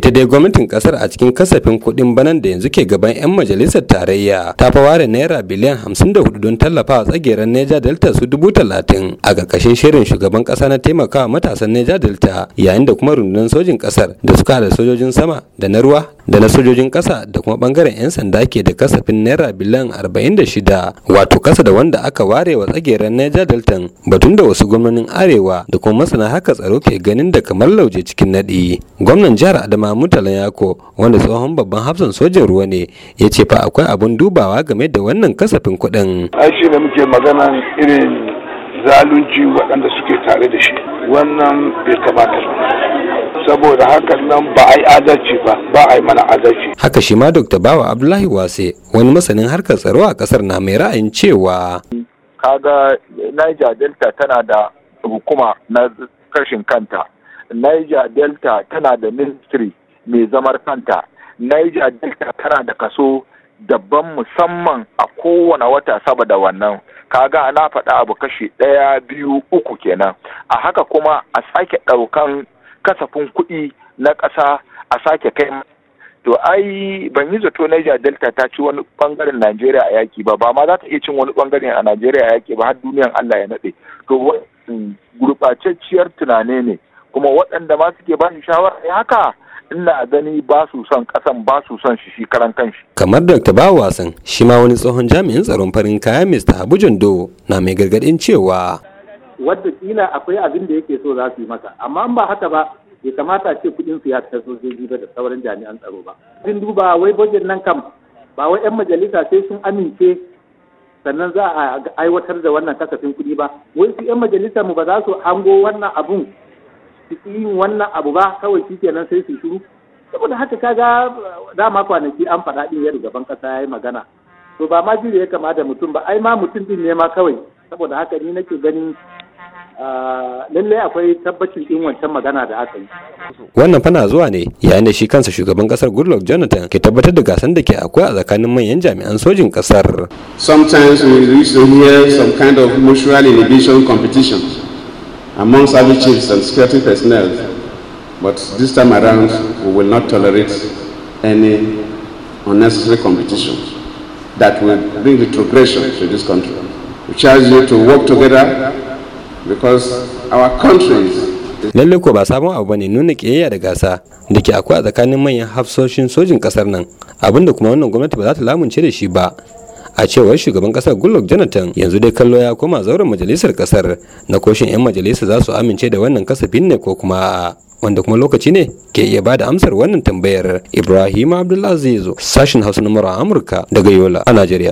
ita dai gwamnatin kasar a cikin kasafin kuɗin banan da yanzu ke gaban 'yan majalisar tarayya ta fa ware naira biliyan 54 don tallafa tsagiyar tsageren neja delta su dubu talatin a ƙarƙashin shirin shugaban ƙasa na taimakawa matasan neja delta yayin da kuma rundunar sojin ƙasar da suka da sojojin sama da na ruwa da na sojojin kasa da kuma bangaren 'yan sanda ke da kasafin naira biliyan 46 wato kasa da wanda aka ware wa tsageren niger delta batun da wasu gwamnonin arewa da kuma masana haka tsaro ke ganin da kamar lauje cikin naɗi gwamnan jihar adama mutalan yako wanda tsohon babban hafsan sojan ruwa ne ya ce fa akwai abun dubawa game da wannan kasafin kuɗin. ai da muke magana irin zalunci waɗanda suke tare da shi wannan bai kamata saboda hakan nan ba a yi adalci ba ba a yi mana adalci haka shi ma dr bawa abdullahi wase wani masanin harkar tsaro a kasar na mai ra'ayin cewa kaga niger delta tana da hukuma na kashin kanta niger delta tana da ministry mai zamar kanta niger delta tana da kaso dabban musamman a kowane wata saboda wannan kaga ana faɗa abu kashi ɗaya biyu uku kenan a haka kuma a sake ɗaukan kasafin kuɗi na ƙasa a sake kai to ai ban yi zato Niger Delta ta ci wani bangaren Najeriya a yaki ba ba ma za ta iya cin wani bangaren a Najeriya a yaki ba har duniyan Allah ya nade to gurɓacecciyar tunane ne kuma waɗanda ma suke ba shi shawara haka ina gani ba su son kasan ba su son shi shi karan kanshi. Kamar Dr. Ba wasan shi ma wani tsohon jami'in tsaron farin kaya Mr. Habu na mai gargadin cewa. wadda kila akwai abin da yake so za su yi maka amma ba haka ba ya kamata ce kuɗin su ya ta sojoji ba da sauran jami'an tsaro ba sun duba wai budget nan kam ba wai yan majalisa sai sun amince sannan za a aiwatar da wannan kasafin kuɗi ba wai su yan majalisa mu ba za su hango wannan abun su yin wannan abu ba kawai shi kenan sai su shiru saboda haka kaga dama kwanaki an faɗa ɗin yadda gaban ƙasa ya yi magana to ba ma jiri ya kama da mutum ba ai ma mutum ɗin ne ma kawai saboda haka ni nake ganin Ah, lallai akwai tabbacin din wancan magana da aka yi. Wannan fana zuwa ne yayin da shi kansa shugaban kasar Goodluck Jonathan ke tabbatar da gasan da ke akwai a tsakanin manyan jami'an sojin kasar. Sometimes we used to hear some kind of mutual inhibition competition among service chiefs and security personnel, but this time around we will not tolerate any unnecessary competition that will bring retrogression to this country. We charge you to work together Lallai lalle ko ba sabon abu bane nuna kiyayya da gasa da ke akwai a tsakanin manyan hafsoshin sojin kasar nan abinda kuma wannan gwamnati ba za ta lamunce da shi ba a cewar shugaban kasar goodluck jonathan yanzu dai kallo ya koma zauren majalisar kasar na koshin 'yan majalisa za su amince da wannan kasafin ne ko kuma a'a wanda kuma lokaci ne ke iya da amsar wannan tambayar ibrahim abdulaziz sashen hausa na amurka daga yola a najeriya